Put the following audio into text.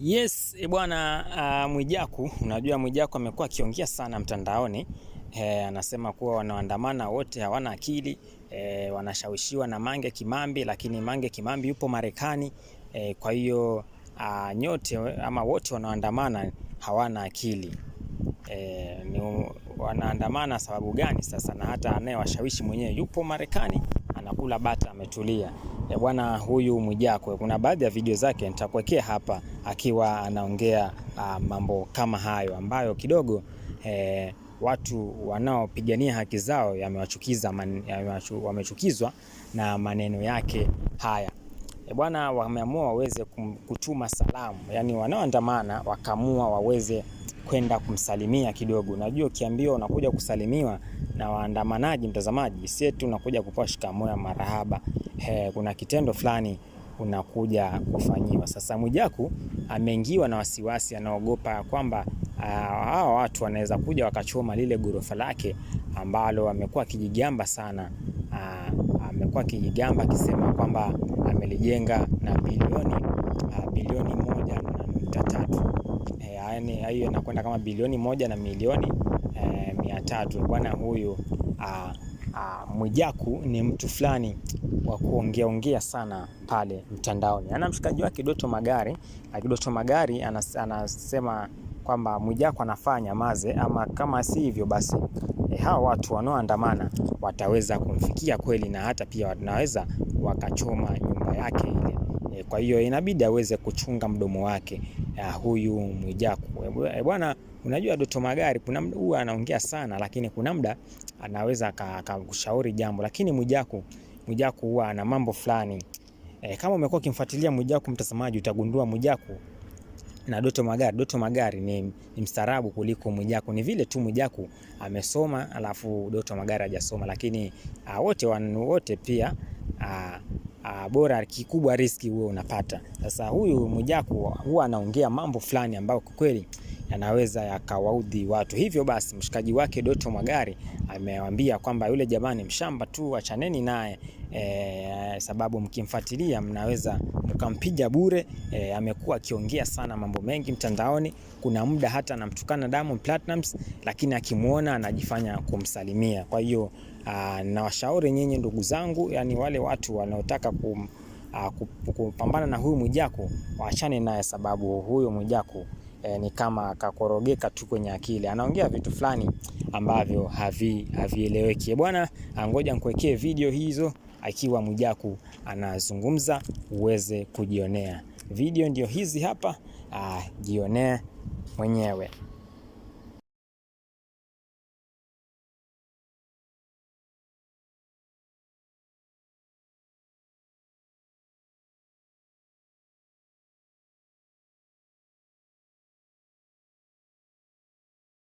Yes, eh, bwana uh, Mwijaku, unajua Mwijaku amekuwa akiongea sana mtandaoni e, anasema kuwa wanaoandamana wote hawana akili e, wanashawishiwa na Mange Kimambi, lakini Mange Kimambi yupo Marekani e, kwa hiyo uh, nyote ama wote wanaoandamana hawana akili e, ni wanaandamana sababu gani sasa? Na hata anayewashawishi mwenyewe yupo Marekani anakula bata ametulia ya eh, bwana huyu Mwijakwe. Kuna baadhi ya video zake nitakuwekea hapa akiwa anaongea uh, mambo kama hayo ambayo kidogo eh, watu wanaopigania haki zao yamewachukiza man, wamechukizwa na maneno yake haya. E bwana, wameamua waweze kutuma salamu, yani wanaoandamana wakaamua waweze kwenda kumsalimia kidogo. Unajua, ukiambiwa unakuja kusalimiwa na waandamanaji, mtazamaji, sie tu unakuja shikamoo ya marahaba he, eh, kuna kitendo fulani unakuja kufanyiwa. Sasa Mwijaku ameingiwa na wasiwasi, anaogopa kwamba ah, hawa watu wanaweza kuja wakachoma lile ghorofa lake ambalo amekuwa akijigamba sana. Ah, amekuwa akijigamba akisema kwamba amelijenga na bilioni ah, bilioni moja na nukta tatu, eh, yaani hiyo inakwenda kama bilioni moja na milioni e, mia tatu. Bwana huyu uh, Ah, Mwijaku ni mtu fulani wa kuongeaongea sana pale mtandaoni, ana mshikaji wake Doto Magari. Doto Magari anasema kwamba Mwijaku anafanya maze ama kama si hivyo basi e, hawa watu wanaoandamana wataweza kumfikia kweli na hata pia wanaweza wakachoma nyumba yake ile. E, Kwa hiyo inabidi aweze kuchunga mdomo wake ya huyu Mwijaku. E, Bwana, unajua Doto Magari kuna muda huwa anaongea sana, lakini kuna muda anaweza akakushauri jambo, lakini Mwijaku Mwijaku huwa ana mambo fulani e. Kama umekuwa ukimfuatilia Mwijaku, mtazamaji, utagundua Mwijaku na Doto Magari. Doto Magari ni, ni mstaarabu kuliko Mwijaku. Ni vile tu Mwijaku amesoma alafu Doto Magari hajasoma, lakini ah, wote wote pia a, ah, uh, bora kikubwa riski huo unapata. Sasa huyu Mwijaku huwa anaongea mambo fulani ambayo kwa kweli yanaweza yakawaudhi watu. Hivyo basi mshikaji wake Doto Mwagari amewambia kwamba yule jamani, mshamba tu, achaneni naye e, sababu mkimfuatilia mnaweza mkampiga bure. E, amekuwa akiongea sana mambo mengi mtandaoni, kuna muda hata anamtukana Diamond Platnumz, lakini akimwona anajifanya kumsalimia. Kwa hiyo nawashauri nyinyi ndugu zangu, yani wale watu wanaotaka kum, kupambana na huyu Mwijaku waachane naye, sababu huyo Mwijaku e, ni kama akakorogeka tu kwenye akili, anaongea vitu fulani ambavyo havi havieleweki. Eh, bwana, angoja nikuwekee video hizo akiwa Mwijaku anazungumza uweze kujionea video, ndio hizi hapa. Ah, Jionee mwenyewe.